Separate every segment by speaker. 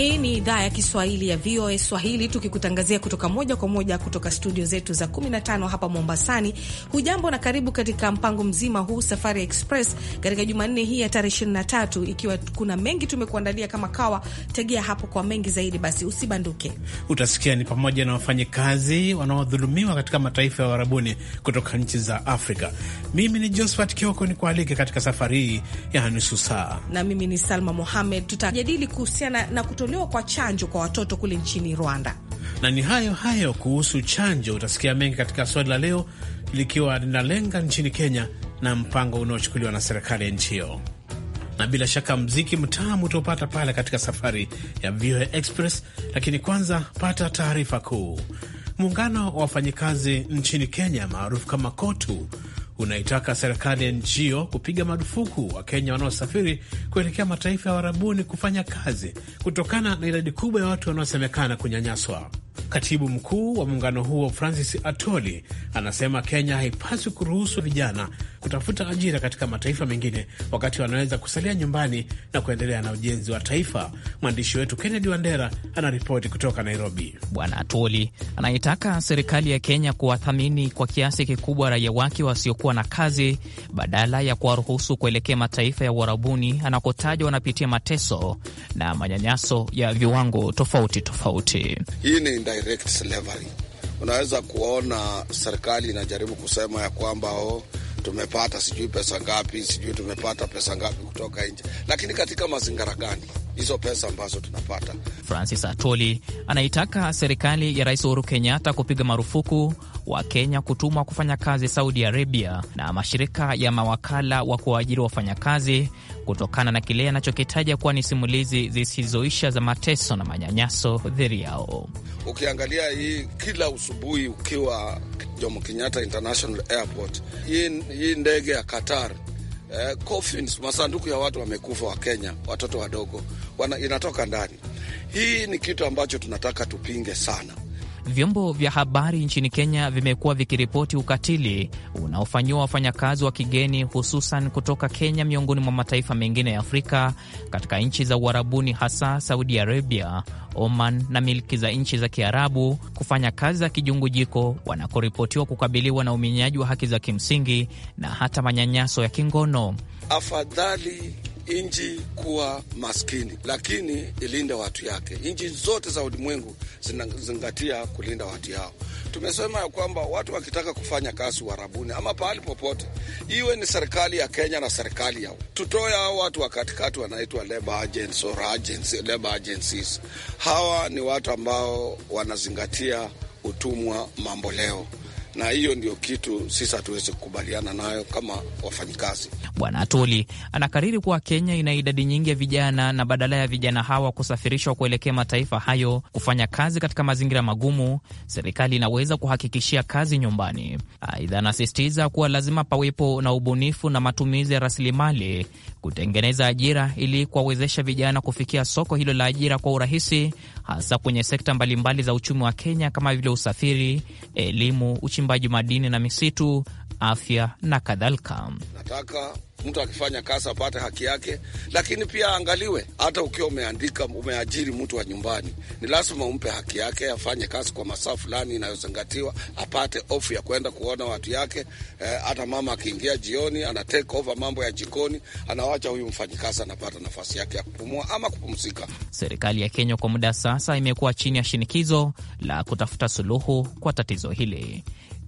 Speaker 1: Hii ni idhaa ya Kiswahili ya VOA Swahili, tukikutangazia kutoka moja kwa moja kutoka studio zetu za 15 hapa Mombasani. Hujambo na karibu katika mpango mzima huu Safari Express katika Jumanne hii ya tarehe 23, ikiwa kuna mengi tumekuandalia kama kawa. Tegea hapo kwa mengi zaidi, basi usibanduke.
Speaker 2: Utasikia ni pamoja na wafanyikazi wanaodhulumiwa katika mataifa ya uharabuni kutoka nchi za Afrika. Mimi ni Josphat Kioko, ni kualike katika safari hii ya nusu saa,
Speaker 1: na mimi ni Salma Mohamed. Tutajadili kuhusiana na kuto kutolewa kwa chanjo kwa watoto kule nchini Rwanda.
Speaker 2: Na ni hayo hayo kuhusu chanjo, utasikia mengi katika swali la leo likiwa linalenga nchini Kenya na mpango unaochukuliwa na serikali ya nchi hiyo, na bila shaka mziki mtamu utaopata pale katika safari ya VOA Express. Lakini kwanza pata taarifa kuu. Muungano wa wafanyikazi nchini Kenya maarufu kama KOTU unaitaka serikali ya nchi hiyo kupiga marufuku Wakenya wanaosafiri kuelekea mataifa ya warabuni kufanya kazi kutokana na idadi kubwa ya watu wanaosemekana kunyanyaswa. Katibu mkuu wa muungano huo Francis Atoli anasema Kenya haipaswi kuruhusu vijana kutafuta ajira katika mataifa mengine wakati wanaweza kusalia nyumbani na kuendelea na ujenzi wa taifa. Mwandishi
Speaker 3: wetu Kennedy Wandera anaripoti kutoka Nairobi. Bwana Atoli anaitaka serikali ya Kenya kuwathamini kwa kiasi kikubwa raia wake wasiokuwa na kazi badala ya kuwaruhusu kuelekea mataifa ya uharabuni anakotaja wanapitia mateso na manyanyaso ya viwango tofauti tofauti.
Speaker 4: Hii ni direct slavery. Unaweza kuona serikali inajaribu kusema ya kwamba oh, tumepata sijui pesa ngapi, sijui tumepata pesa ngapi kutoka nje, lakini katika mazingira gani hizo pesa ambazo tunapata?
Speaker 3: Francis Atoli anaitaka serikali ya Rais Uhuru Kenyatta kupiga marufuku wa kenya kutumwa kufanya kazi Saudi Arabia na mashirika ya mawakala wa kuwaajiri wafanyakazi kutokana na kile anachokitaja kuwa ni simulizi zisizoisha za mateso na manyanyaso dhidi yao.
Speaker 4: Ukiangalia hii kila usubuhi, ukiwa Jomo Kenyatta International Airport, hii ndege ya Qatar eh, coffins, masanduku ya watu wamekufa wa Kenya, watoto wadogo wana, inatoka ndani. Hii ni kitu ambacho tunataka tupinge sana.
Speaker 3: Vyombo vya habari nchini Kenya vimekuwa vikiripoti ukatili unaofanyiwa wafanyakazi wa kigeni hususan kutoka Kenya miongoni mwa mataifa mengine ya Afrika katika nchi za Uarabuni, hasa Saudi Arabia, Oman na milki za nchi za Kiarabu kufanya kazi za kijungujiko, wanakoripotiwa kukabiliwa na uminyaji wa haki za kimsingi na hata manyanyaso ya kingono.
Speaker 4: Afadhali nchi kuwa maskini, lakini ilinde watu yake. Nchi zote za ulimwengu zinazingatia kulinda watu yao. Tumesema ya kwamba watu wakitaka kufanya kazi uharabuni ama pahali popote, iwe ni serikali ya Kenya na serikali yao, tutoe hao watu wa katikati wanaitwa labor agents or labor agencies. Hawa ni watu ambao wanazingatia utumwa mambo leo na hiyo ndio kitu sisi hatuwezi kukubaliana nayo kama wafanyikazi.
Speaker 3: Bwana Atoli anakariri kuwa Kenya ina idadi nyingi ya vijana na badala ya vijana hawa kusafirishwa kuelekea mataifa hayo kufanya kazi katika mazingira magumu, serikali inaweza kuhakikishia kazi nyumbani. Aidha, anasisitiza kuwa lazima pawepo na ubunifu na matumizi ya rasilimali kutengeneza ajira ili kuwawezesha vijana kufikia soko hilo la ajira kwa urahisi, hasa kwenye sekta mbalimbali mbali za uchumi wa Kenya kama vile usafiri, elimu, uchi uchimbaji madini na misitu, afya na kadhalika.
Speaker 4: Nataka mtu akifanya kazi apate haki yake, lakini pia aangaliwe. Hata ukiwa umeandika umeajiri mtu wa nyumbani, ni lazima umpe haki yake, afanye kazi kwa masaa fulani inayozingatiwa, apate ofu ya kwenda kuona watu yake. Eh, hata e, mama akiingia jioni, ana take over mambo ya jikoni, anawacha huyu mfanyikazi anapata nafasi yake ya kupumua ama kupumzika. Serikali
Speaker 3: ya Kenya kwa muda sasa imekuwa chini ya shinikizo la kutafuta suluhu kwa tatizo hili.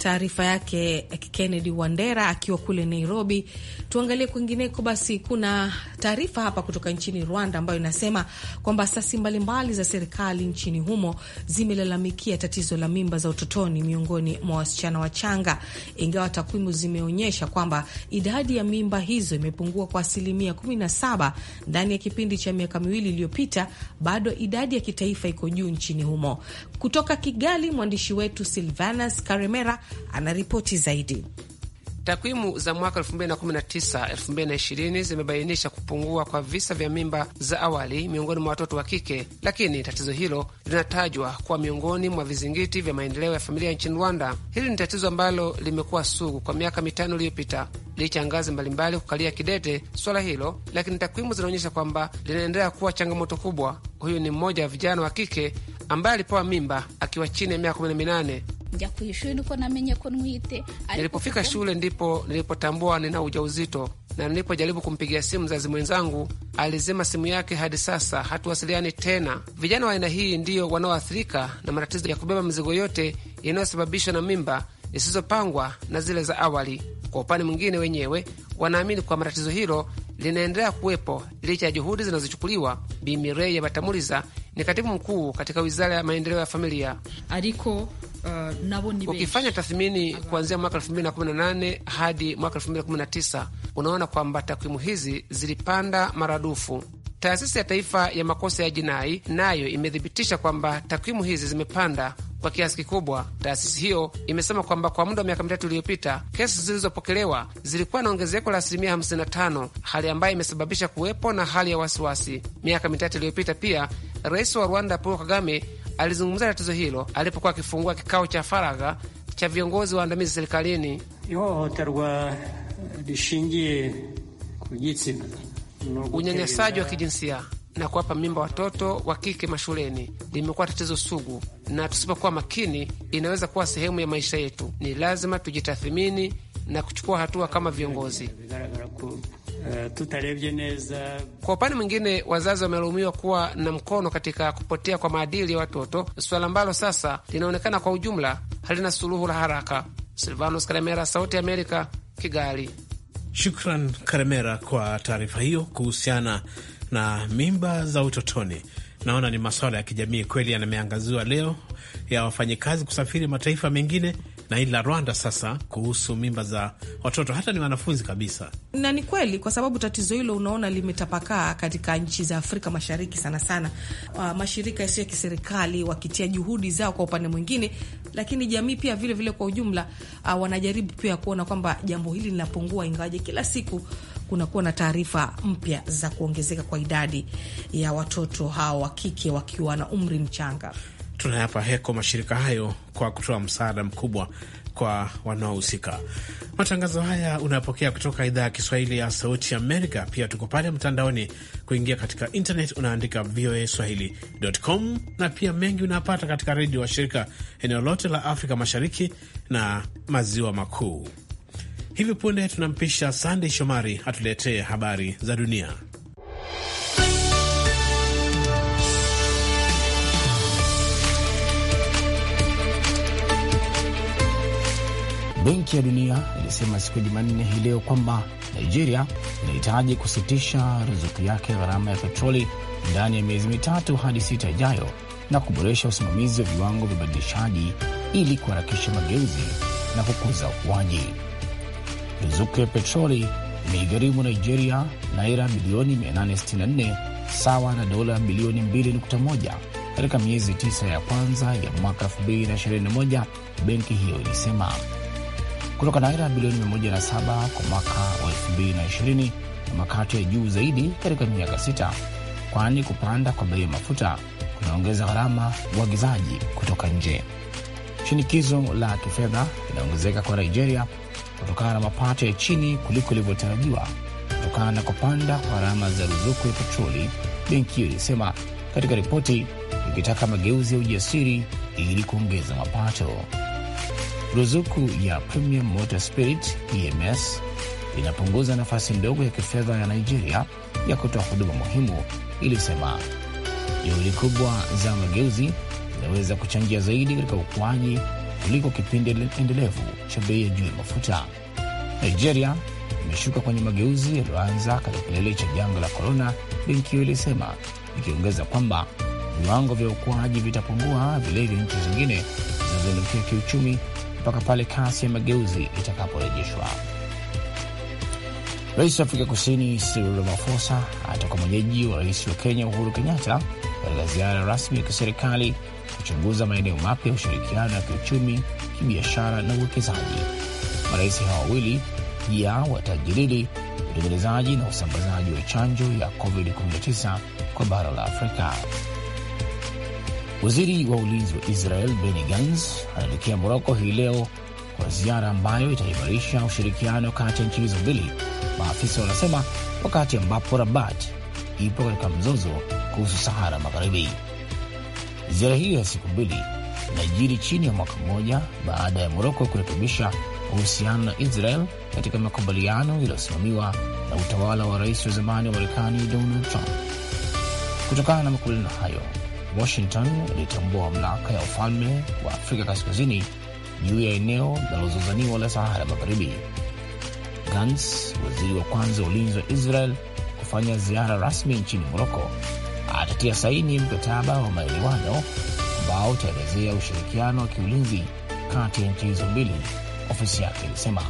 Speaker 1: taarifa yake Kennedy Wandera akiwa kule Nairobi. Tuangalie kwingineko. Basi kuna taarifa hapa kutoka nchini Rwanda ambayo inasema kwamba asasi mbalimbali za serikali nchini humo zimelalamikia tatizo la mimba za utotoni miongoni mwa wasichana wachanga, ingawa takwimu zimeonyesha kwamba idadi ya mimba hizo imepungua kwa asilimia 17 ndani ya kipindi cha miaka miwili iliyopita, bado idadi ya kitaifa iko juu nchini humo. Kutoka Kigali, mwandishi wetu Silvanus Karemera ripoti zaidi.
Speaker 5: Takwimu za mwaka 2019 2020 zimebainisha kupungua kwa visa vya mimba za awali miongoni mwa watoto wa kike, lakini tatizo hilo linatajwa kuwa miongoni mwa vizingiti vya maendeleo ya familia nchini Rwanda. Hili ni tatizo ambalo limekuwa sugu kwa miaka mitano iliyopita, licha ya ngazi mbalimbali kukalia kidete swala hilo, lakini takwimu zinaonyesha kwamba linaendelea kuwa changamoto kubwa. Huyu ni mmoja wa vijana wa kike ambaye alipewa mimba akiwa chini ya miaka 18
Speaker 1: njya ku ishuri niko namenye ko ntwite. Nilipofika
Speaker 5: shule ndipo nilipotambua nina ujauzito, na nilipojaribu kumpigia simu mzazi mwenzangu alizima simu yake, hadi sasa hatuwasiliani tena. Vijana wa aina hii ndiyo wanaoathirika na matatizo ya kubeba mizigo yote inayosababishwa na mimba zisizopangwa na zile za awali. Kwa upande mwingine, wenyewe wanaamini kwa matatizo hilo linaendelea kuwepo licha ya juhudi zinazochukuliwa. Bi ya Batamuliza ni katibu mkuu katika wizara ya maendeleo ya familia. ariko uh, ukifanya tathmini kuanzia mwaka elfu mbili na kumi na nane hadi mwaka elfu mbili na kumi na tisa unaona kwamba takwimu hizi zilipanda maradufu. Taasisi ya Taifa ya Makosa ya Jinai nayo imethibitisha kwamba takwimu hizi zimepanda kwa kiasi kikubwa. Taasisi hiyo imesema kwamba kwa muda wa miaka mitatu iliyopita kesi zilizopokelewa zilikuwa na ongezeko la asilimia 55, hali ambayo imesababisha kuwepo na hali ya wasiwasi. Miaka mitatu iliyopita pia rais wa Rwanda Paul Kagame alizungumzia tatizo hilo alipokuwa akifungua kikao cha faragha cha viongozi waandamizi serikalini. ihohoterwa eh, unyanyasaji wa kijinsia na kuwapa mimba watoto wa kike mashuleni limekuwa tatizo sugu, na tusipokuwa makini inaweza kuwa sehemu ya maisha yetu. Ni lazima tujitathimini na kuchukua hatua kama viongozi. Eh, neza. Kwa upande mwingine, wazazi wamelaumiwa kuwa na mkono katika kupotea kwa maadili ya watoto, suala ambalo sasa linaonekana kwa ujumla halina suluhu la haraka. Silvanos Karemera, Sauti ya Amerika, Kigali.
Speaker 2: Shukran Karemera kwa taarifa hiyo kuhusiana na mimba za utotoni. Naona ni masuala ya kijamii kweli yanameangaziwa leo ya wafanyikazi kusafiri mataifa mengine na ili la Rwanda sasa kuhusu mimba za watoto hata ni wanafunzi kabisa.
Speaker 1: Na ni kweli, kwa sababu tatizo hilo unaona limetapakaa katika nchi za Afrika Mashariki sana sana. Uh, mashirika yasiyo ya kiserikali wakitia juhudi zao kwa upande mwingine, lakini jamii pia vilevile vile kwa ujumla, uh, wanajaribu pia kuona kwamba jambo hili linapungua, ingawaje kila siku kunakuwa na taarifa mpya za kuongezeka kwa idadi ya watoto hao wa kike wakiwa na umri mchanga
Speaker 2: tunayapa heko mashirika hayo kwa kutoa msaada mkubwa kwa wanaohusika. Matangazo haya unayopokea kutoka idhaa ya Kiswahili ya Sauti Amerika. Pia tuko pale mtandaoni, kuingia katika internet unaandika VOA swahili.com, na pia mengi unayapata katika redio wa shirika eneo lote la Afrika Mashariki na Maziwa Makuu. Hivi punde tunampisha Sandey Shomari atuletee habari za dunia.
Speaker 6: Benki ya Dunia ilisema siku ya Jumanne hii leo kwamba Nigeria inahitaji kusitisha ruzuku yake gharama ya petroli ndani ya miezi mitatu hadi sita ijayo na kuboresha usimamizi wa viwango vya ubadilishaji ili kuharakisha mageuzi na kukuza ukuaji. Ruzuku ya petroli imeigharimu Nigeria naira bilioni 864 sawa na dola bilioni 2.1 katika miezi tisa ya kwanza ya mwaka 2021, benki hiyo ilisema kutoka naira bilioni 107 kwa mwaka wa 2020 na makato ya juu zaidi katika miaka sita, kwani kupanda kwa bei ya mafuta kunaongeza gharama uagizaji kutoka nje. Shinikizo la kifedha linaongezeka kwa Nigeria kutokana na mapato ya chini kuliko ilivyotarajiwa kutokana na kupanda kwa gharama za ruzuku ya petroli, benki hiyo ilisema katika ripoti ikitaka mageuzi ya ujasiri ili kuongeza mapato ruzuku ya Premium Motor Spirit PMS inapunguza nafasi ndogo ya kifedha ya Nigeria ya kutoa huduma muhimu, ilisema. Juhudi kubwa za mageuzi zinaweza kuchangia zaidi katika ukuaji kuliko kipindi endelevu cha bei ya juu ya mafuta. Nigeria imeshuka kwenye mageuzi yaliyoanza katika kilele cha janga la korona, benki hiyo ilisema, ikiongeza kwamba viwango vya ukuaji vitapungua vile vya nchi zingine zinazoelekea kiuchumi mpaka pale kasi ya mageuzi itakaporejeshwa. Rais wa Afrika Kusini Cyril Ramaphosa atakuwa mwenyeji wa rais wa Kenya Uhuru Kenyatta katika ziara rasmi ya kiserikali kuchunguza maeneo mapya ya ushirikiano ya kiuchumi, kibiashara na uwekezaji. Marais hawa wawili pia watajadili utengenezaji na usambazaji wa chanjo ya COVID-19 kwa bara la Afrika. Waziri wa ulinzi wa Israel Benny Gantz anaelekea Moroko hii leo kwa ziara ambayo itaimarisha ushirikiano kati ya nchi hizo mbili, maafisa wanasema, wakati ambapo Rabat ipo katika mzozo kuhusu Sahara Magharibi. Ziara hiyo ya siku mbili inajiri chini ya mwaka mmoja baada ya Moroko kurekebisha uhusiano na Israel katika makubaliano yaliyosimamiwa na utawala wa rais wa zamani wa Marekani Donald Trump. Kutokana na makubaliano hayo Washington ilitambua mamlaka ya ufalme wa Afrika Kaskazini juu ya eneo linalozozaniwa la Sahara Magharibi. gans waziri wa kwanza wa ulinzi wa Israel kufanya ziara rasmi nchini Moroko, atatia saini mkataba wa maelewano ambao utaelezea ushirikiano wa kiulinzi kati ya nchi hizo mbili, ofisi yake ilisema.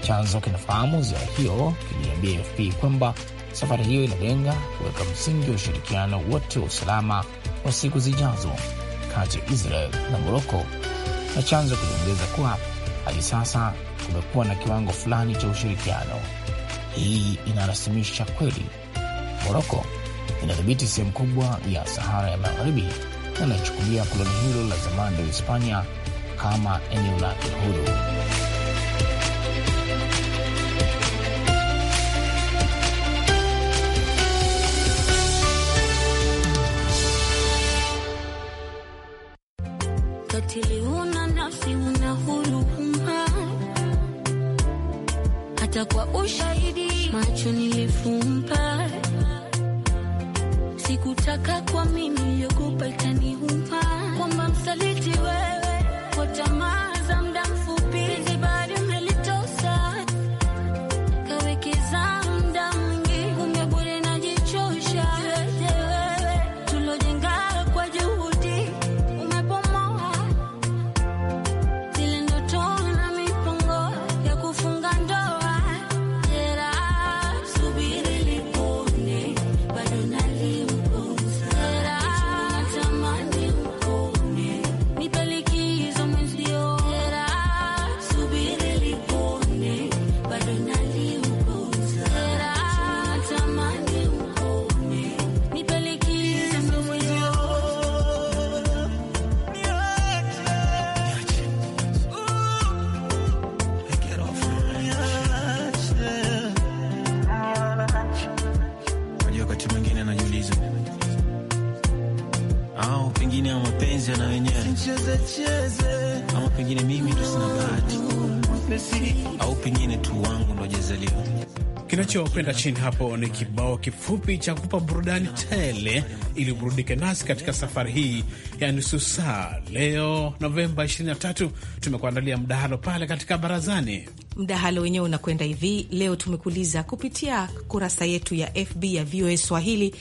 Speaker 6: Chanzo kinafahamu ziara hiyo kiliambia AFP kwamba Safari hiyo inalenga kuweka msingi wa ushirikiano wote wa usalama wa siku zijazo kati ya Israel na Moroko, na chanzo kiliongeza kuwa hadi sasa kumekuwa na kiwango fulani cha ushirikiano. Hii inarasimisha kweli Moroko inadhibiti sehemu kubwa ya Sahara ya Magharibi na inachukulia koloni hilo la zamani la Hispania kama eneo lake huru.
Speaker 2: kwenda chini hapo ni kibao kifupi cha kupa burudani tele, ili burudike nasi katika safari hii ya nusu saa. Leo Novemba 23 tumekuandalia mdahalo pale katika barazani.
Speaker 1: Mdahalo wenyewe unakwenda hivi. Leo tumekuuliza kupitia kurasa yetu ya FB ya VOA Swahili,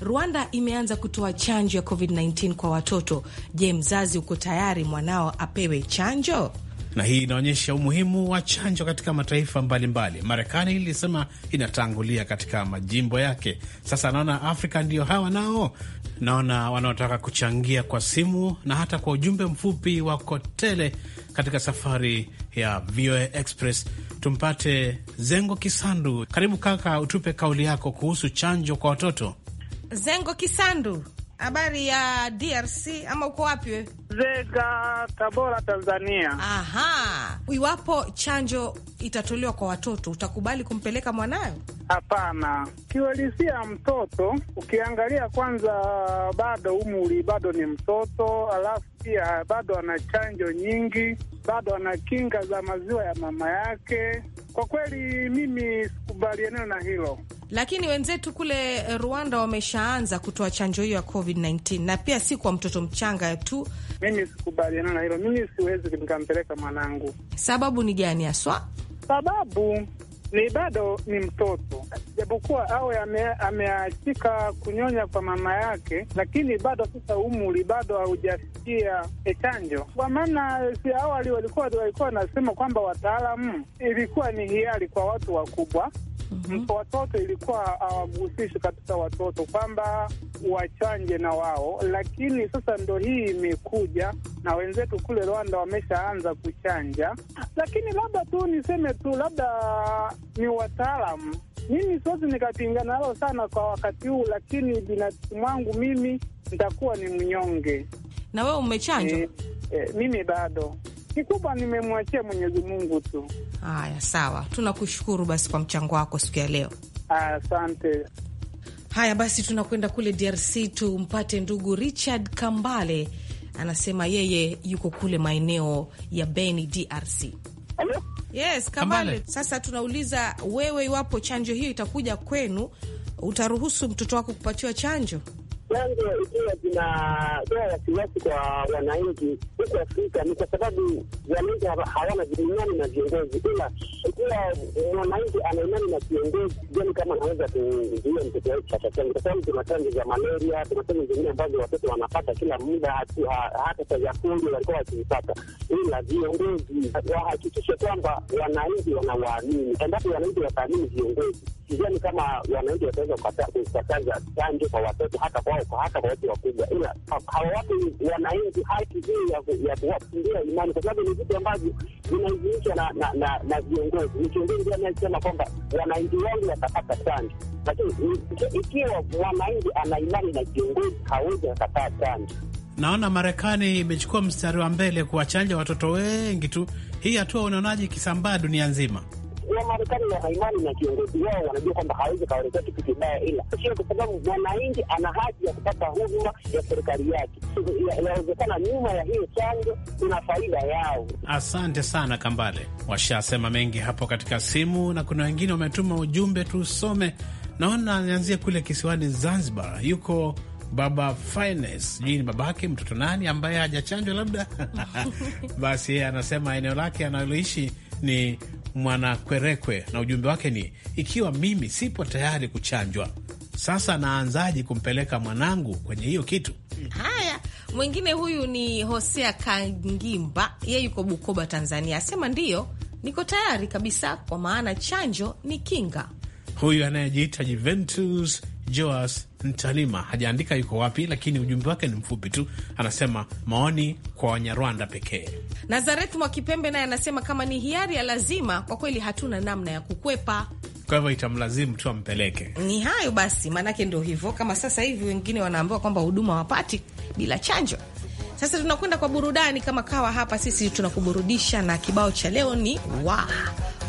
Speaker 1: Rwanda imeanza kutoa chanjo ya COVID-19 kwa watoto. Je, mzazi uko tayari mwanao apewe chanjo?
Speaker 2: na hii inaonyesha umuhimu wa chanjo katika mataifa mbalimbali. Marekani ilisema inatangulia katika majimbo yake. Sasa naona Afrika ndio hawa nao, naona wanaotaka kuchangia kwa simu na hata kwa ujumbe mfupi wa kotele katika safari ya VOA Express. Tumpate Zengo Kisandu. Karibu kaka, utupe kauli yako kuhusu chanjo kwa watoto.
Speaker 1: Zengo Kisandu. Habari ya DRC ama uko wapi wewe? Zega, Tabora, Tanzania. Aha. Iwapo chanjo itatolewa kwa watoto, utakubali kumpeleka mwanayo?
Speaker 7: Hapana, kiwalisia mtoto, ukiangalia kwanza, bado umri bado ni mtoto, alafu pia bado ana chanjo nyingi, bado ana kinga za maziwa ya mama yake. Kwa kweli mimi sikubaliani na hilo.
Speaker 1: Lakini wenzetu kule eh, Rwanda wameshaanza kutoa chanjo hiyo ya COVID-19 na pia si kwa mtoto mchanga tu.
Speaker 7: Mimi sikubaliana na hilo, mimi siwezi nikampeleka mwanangu.
Speaker 1: Sababu ni gani haswa?
Speaker 7: Sababu ni bado ni mtoto, japokuwa awe ameachika kunyonya kwa mama yake, lakini bado sasa umri bado haujafikia eh, chanjo, kwa maana si awali walikuwa walikuwa wanasema kwamba wataalamu, ilikuwa ni hiari kwa watu wakubwa Mpo mhm. watoto ilikuwa awagusishi ah, kabisa watoto kwamba wachanje na wao, lakini sasa ndo hii imekuja na wenzetu kule Rwanda wameshaanza kuchanja, lakini labda tu niseme tu, labda ni wataalamu mimi siwezi nikapingana nalo sana kwa wakati huu, lakini binafsi mwangu mimi nitakuwa ni mnyonge. Na wewe umechanjwa? E, e, mimi bado Kikubwa nimemwachia Mwenyezi Mungu tu.
Speaker 1: Haya, sawa, tunakushukuru basi kwa mchango wako siku ya leo,
Speaker 7: asante.
Speaker 1: Haya basi, tunakwenda kule DRC tumpate ndugu Richard Kambale, anasema yeye yuko kule maeneo ya Beni, DRC. Hello? Yes, Kambale. Kambale, sasa tunauliza wewe, iwapo chanjo hiyo itakuja kwenu, utaruhusu mtoto wako kupatiwa chanjo?
Speaker 8: chanjo ikiwa zinatoa wasiwasi kwa wananchi huku Afrika ni kwa sababu wananchi hawana imani na viongozi, ila ikiwa mwananchi ana imani na kiongozi, jani kama anaweza kuzuia mtoto wake atachanjo, kwa sababu kuna chanjo za malaria, kuna chanjo zingine ambazo watoto wanapata kila muda, hata cha vyakuli walikuwa wakizipata, ila viongozi wahakikishe kwamba wananchi wanawaamini. Endapo wananchi wataamini viongozi sidhani kama wananchi wataweza kukataza chanjo kwa watoto hata kwao hata kwa watu wakubwa, ila hawawapi wananchi haki hii ya kuwakimbia imani, kwa sababu ni vitu ambavyo vinaidhinishwa na viongozi. Ni kiongozi anayesema kwamba wananchi wangu watapata chanjo, lakini ikiwa mwananchi ana imani na kiongozi hawezi akataa chanjo.
Speaker 2: Naona Marekani imechukua mstari wa mbele kuwachanja watoto wengi tu. Hii hatua unaonaje ikisambaa dunia nzima?
Speaker 8: wa Marekani wana imani na kiongozi wao, wanajua kwamba hawezi kawaelezea kitu kibaya, ila sio kwa sababu mwananchi ana haki ya kupata huduma ya serikali yake. Inawezekana nyuma ya hiyo chanjo kuna faida yao.
Speaker 2: Asante sana Kambale, washasema mengi hapo katika simu, na kuna wengine wametuma ujumbe tusome. Naona nianzie kule kisiwani Zanzibar, yuko Baba Fines, sijui ni babake mtoto nani ambaye hajachanjwa labda basi yeye anasema eneo lake analoishi ni Mwanakwerekwe na ujumbe wake ni ikiwa mimi sipo tayari kuchanjwa, sasa naanzaje kumpeleka mwanangu kwenye hiyo kitu?
Speaker 1: Haya, mwingine huyu ni Hosea Kangimba, ye yuko Bukoba, Tanzania, asema ndiyo, niko tayari kabisa, kwa maana chanjo ni kinga.
Speaker 2: Huyu anayejiita Juventus Joas Ntalima hajaandika yuko wapi, lakini ujumbe wake ni mfupi tu, anasema maoni kwa Wanyarwanda pekee.
Speaker 1: Nazaret Mwakipembe naye anasema kama ni hiari ya lazima, kwa kweli hatuna namna ya kukwepa
Speaker 2: kwa hivyo itamlazimu tu ampeleke.
Speaker 1: Ni hayo basi, maanake ndo hivyo. Kama sasa hivi wengine wanaambiwa kwamba huduma wapati bila chanjo. Sasa tunakwenda kwa burudani kama kawa hapa, sisi tunakuburudisha na kibao cha leo ni wa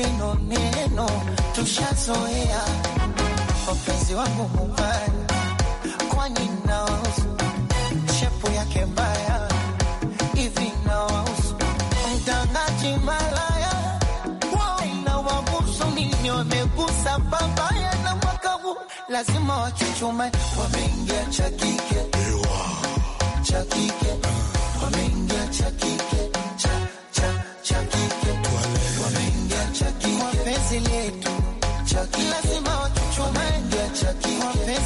Speaker 9: neno neno, tushazoea wapenzi wangu mubaya, kwani nawausu shepu yake mbaya hivi, nawausu mtangaji malaya, nawabusu nini, wamegusa babaya na mwaka huu lazima wachuchume, wameingia cha kike wameingia cha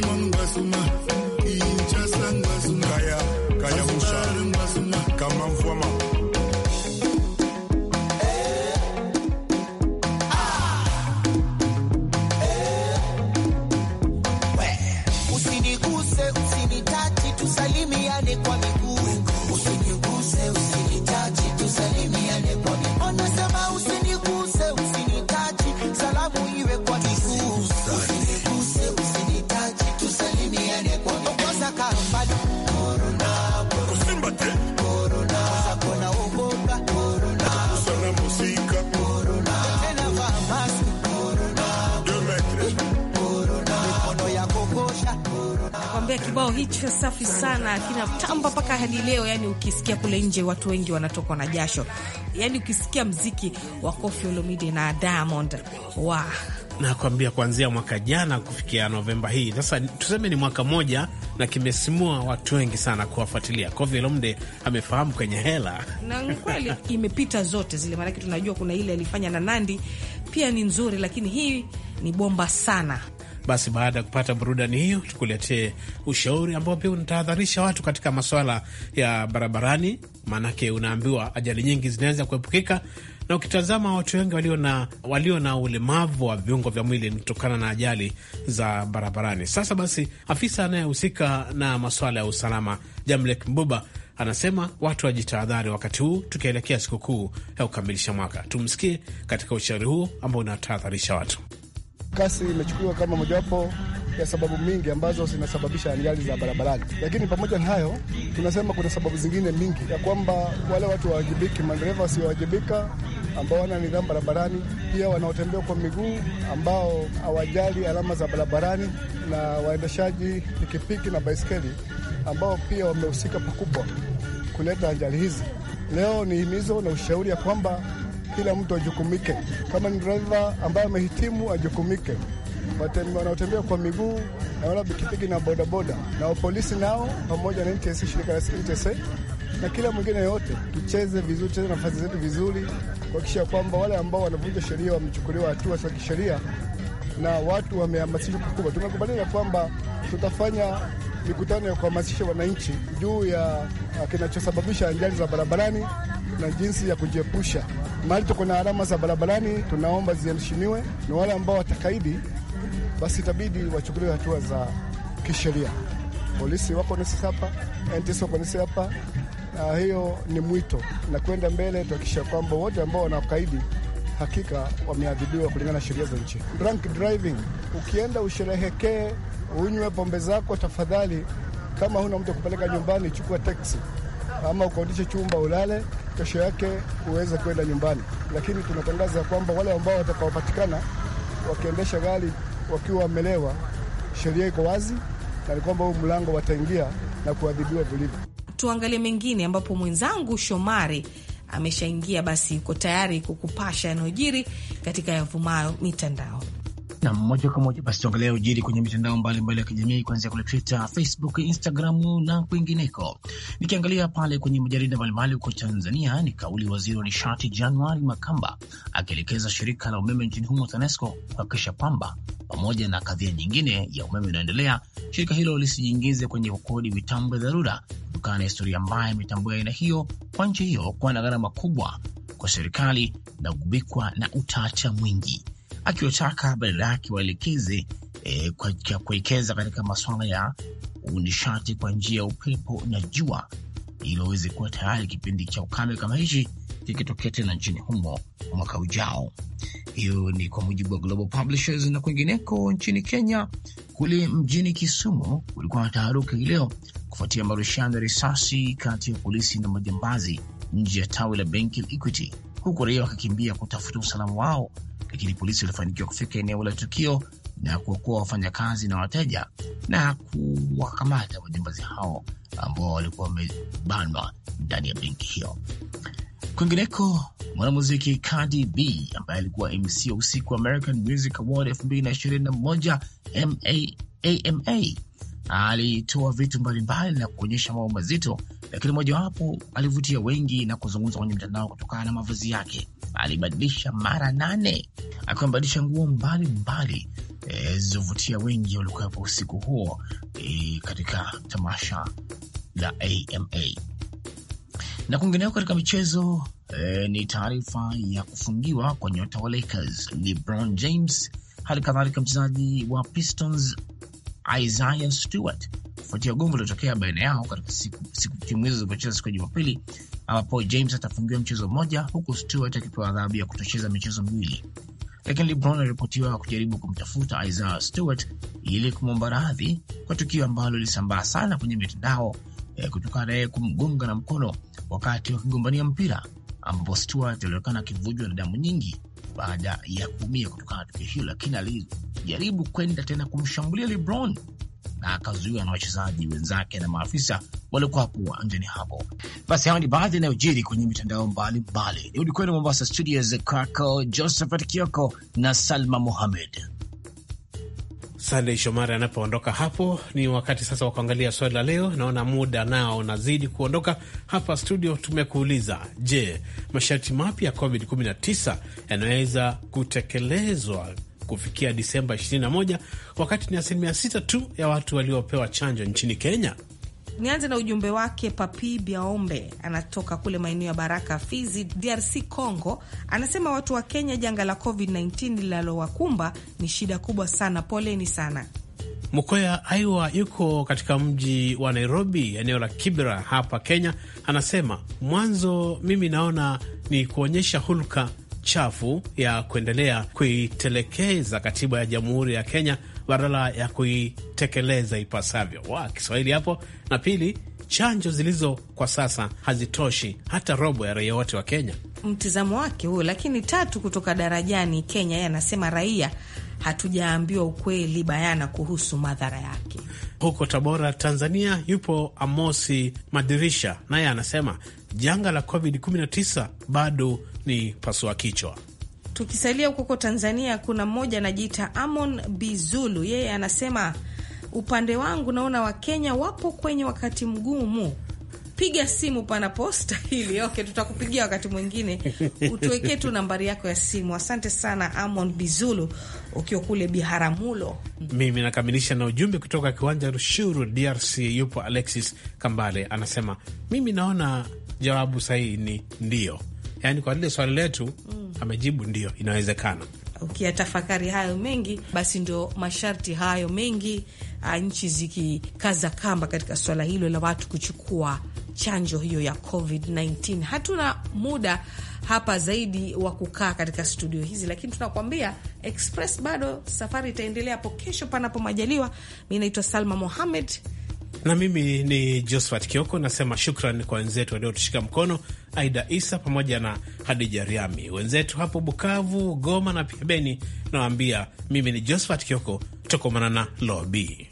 Speaker 10: Simon Wasuma.
Speaker 1: kibao hicho safi sana kinatamba mpaka hadi leo. Yani ukisikia kule nje watu wengi wanatokwa na jasho, yani ukisikia mziki wa Koffi Olomide na Diamond wa
Speaker 2: nakwambia kuanzia mwaka jana kufikia Novemba hii sasa, tuseme ni mwaka moja, na kimesimua watu wengi sana kuwafuatilia. Koffi Olomide amefahamu kwenye hela
Speaker 1: na kweli imepita zote zile, maanake tunajua kuna ile alifanya na Nandi pia ni nzuri, lakini hii ni bomba sana.
Speaker 2: Basi baada ya kupata burudani hiyo, tukuletee ushauri ambao pia unatahadharisha watu katika maswala ya barabarani, maanake unaambiwa ajali nyingi zinaweza kuepukika na ukitazama watu wengi walio na, walio na ulemavu wa viungo vya mwili kutokana na ajali za barabarani. Sasa basi, afisa anayehusika na masuala ya usalama Jamlek Mbuba anasema watu wajitahadhari wakati huu tukielekea sikukuu ya kukamilisha mwaka. Tumsikie katika ushauri huo ambao unatahadharisha watu.
Speaker 10: Kasi imechukuliwa kama mojawapo ya sababu mingi ambazo zinasababisha ajali za barabarani, lakini pamoja na hayo tunasema kuna sababu zingine mingi ya kwamba wale watu wawajibiki, madereva wasiowajibika ambao wana nidhamu barabarani, pia wanaotembea kwa miguu ambao hawajali alama za barabarani, na waendeshaji pikipiki na baiskeli ambao pia wamehusika pakubwa kuleta ajali hizi. Leo ni himizo na ushauri ya kwamba kila mtu ajukumike. Kama ni dereva ambaye amehitimu ajukumike, wanaotembea kwa miguu na wala pikipiki na bodaboda na polisi nao pamoja na NTSA, shirika la NTSA na kila mwingine yote, tucheze vizuri, tucheze nafasi zetu vizuri, kuhakikisha kwamba wale ambao wanavunja sheria wamechukuliwa hatua za kisheria na watu wamehamasishwa pakubwa. Tumekubaliana kwamba tutafanya mikutano ya kuhamasisha wananchi juu ya uh, kinachosababisha ajali za barabarani na jinsi ya kujiepusha. Mahali tuko na alama za barabarani, tunaomba ziheshimiwe, na wale ambao watakaidi, basi itabidi wachukuliwe hatua za kisheria. Polisi wako nasi hapa, NTS wako nasi hapa. Uh, hiyo ni mwito na kwenda mbele, tuhakikisha kwamba wote ambao wanakaidi hakika wameadhibiwa kulingana na sheria za nchi. Drunk driving, ukienda usherehekee unywe pombe zako tafadhali. Kama huna mtu kupeleka nyumbani, chukua teksi ama ukodishe chumba ulale, kesho yake uweze kwenda nyumbani. Lakini tunatangaza kwamba wale ambao watakaopatikana wakiendesha gari wakiwa wamelewa, sheria iko wazi na ni kwamba huu mlango wataingia na kuadhibiwa vilivyo.
Speaker 1: Tuangalie mengine ambapo mwenzangu Shomari ameshaingia, basi uko tayari kukupasha yanayojiri katika yavumayo mitandao
Speaker 6: na moja kwa moja basi tuangalia ujiri kwenye mitandao mbalimbali ya kijamii kuanzia kule Twitter, Facebook, Instagram na kwingineko. Nikiangalia pale kwenye majarida mbalimbali huko Tanzania, ni kauli waziri wa nishati Januari Makamba akielekeza shirika la umeme nchini humo TANESCO kuhakikisha kwamba pamoja na kadhia nyingine ya umeme inaoendelea shirika hilo lisijiingize kwenye kukodi mitambo ya dharura kutokana na historia mbaya mitambo ya aina hiyo kwa nchi hiyo kuwa na gharama kubwa kwa serikali na kugubikwa na utata mwingi akiwataka badala yake waelekeze e, kuwekeza katika masuala ya nishati kwa njia ya upepo na jua ili waweze kuwa tayari kipindi cha ukame kama hichi kikitokea tena nchini humo mwaka ujao. Hiyo ni kwa mujibu wa Global Publishers. Na kwingineko nchini Kenya, kule mjini Kisumu kulikuwa na taharuki hii leo kufuatia marushano ya risasi kati ya polisi na majambazi nje ya tawi la benki la Equity, huku raia wakikimbia kutafuta usalama wao lakini polisi walifanikiwa kufika eneo la tukio na kuokoa wafanyakazi na wateja na kuwakamata wajambazi hao ambao walikuwa wamebanwa ndani ya benki hiyo. Kwingineko, mwanamuziki Cardi B ambaye alikuwa MC wa usiku wa American Music Award 2021 AMA alitoa vitu mbalimbali na kuonyesha mambo mazito, lakini mojawapo alivutia wengi na kuzungumza kwenye mtandao kutokana na mavazi yake. Alibadilisha mara nane, akiwa amebadilisha nguo mbalimbali e, zilizovutia wengi waliokuwepo usiku huo e, katika tamasha la AMA na kwingineko. Katika michezo e, ni taarifa ya kufungiwa kwa nyota wa Lakers LeBron James, hali kadhalika mchezaji wa Pistons Isaiah Stewart kufuatia ugomvi uliotokea baina yao katika siku timu hizo zilipocheza siku ya Jumapili, ambapo James atafungiwa mchezo mmoja huku Stewart akipewa adhabu ya kutocheza michezo miwili. Lakini LeBron aliripotiwa kujaribu kumtafuta Isaiah Stewart ili kumwomba radhi kwa tukio ambalo lilisambaa sana kwenye mitandao eh, kutokana na yeye kumgonga na mkono wakati wakigombania mpira, ambapo Stewart alionekana akivujwa na damu nyingi baada ya kuumia kutokana na tukio hilo, lakini alijaribu kwenda tena kumshambulia LeBron na akazuiwa na wachezaji wenzake na maafisa waliokuwa hapo uwanjani hapo. Basi hayo ni baadhi yanayojiri kwenye mitandao mbalimbali. Nirudi kwenu Mombasa studios, kwako Josephat Kioko na Salma muhamed
Speaker 2: Sandey Shomari anapoondoka hapo, ni wakati sasa wa kuangalia swali la leo. Naona muda nao unazidi kuondoka hapa studio. Tumekuuliza, je, masharti mapya ya COVID-19 yanaweza kutekelezwa kufikia Disemba 21 wakati ni asilimia 6 tu ya watu waliopewa chanjo nchini Kenya?
Speaker 1: Nianze na ujumbe wake Papi Biaombe, anatoka kule maeneo ya Baraka, Fizi, DRC Congo. Anasema watu wa Kenya, janga la COVID-19 linalowakumba ni shida kubwa sana, poleni sana.
Speaker 2: Mkoya Aiwa yuko katika mji wa Nairobi, eneo la Kibra hapa Kenya. Anasema mwanzo, mimi naona ni kuonyesha hulka chafu ya kuendelea kuitelekeza katiba ya Jamhuri ya Kenya badala ya kuitekeleza ipasavyo. Wa Kiswahili hapo. Na pili, chanjo zilizo kwa sasa hazitoshi hata robo ya raia wote wa Kenya.
Speaker 1: Mtizamo wake huo. Lakini tatu kutoka darajani Kenya, yeye anasema raia hatujaambiwa ukweli bayana kuhusu madhara yake.
Speaker 2: Huko Tabora, Tanzania, yupo Amosi Madirisha, naye anasema janga la COVID-19 bado ni pasua kichwa.
Speaker 1: Tukisalia huko Tanzania, kuna mmoja anajiita Amon Bizulu, yeye anasema upande wangu naona Wakenya wapo kwenye wakati mgumu Piga simu posta hili. Okay, tutakupigia wakati mwingine, utuwekee tu nambari yako ya simu. Asante sana Amon Bizulu, ukiwa kule Biharamulo.
Speaker 2: Mimi nakamilisha na ujumbe kutoka kiwanja Rushuru, DRC. Yupo Alexis Kambale anasema,
Speaker 1: mimi naona
Speaker 2: jawabu sahihi ni ndio yani kwa lile swali letu mm, amejibu ndio, inawezekana.
Speaker 1: Ukiyatafakari okay, hayo mengi basi ndio masharti hayo mengi, ah, nchi zikikaza kamba katika swala hilo la watu kuchukua chanjo hiyo ya COVID-19. Hatuna muda hapa zaidi wa kukaa katika studio hizi, lakini tunakuambia Express bado safari itaendelea hapo kesho, panapo majaliwa. Mi naitwa Salma Mohamed
Speaker 11: na
Speaker 2: mimi ni Josphat Kioko, nasema shukran kwa wenzetu waliotushika mkono, Aida Isa pamoja na Hadija Riami, wenzetu hapo Bukavu, Goma na pia Beni. Nawaambia mimi ni Josphat Kioko, tokomana na lobi.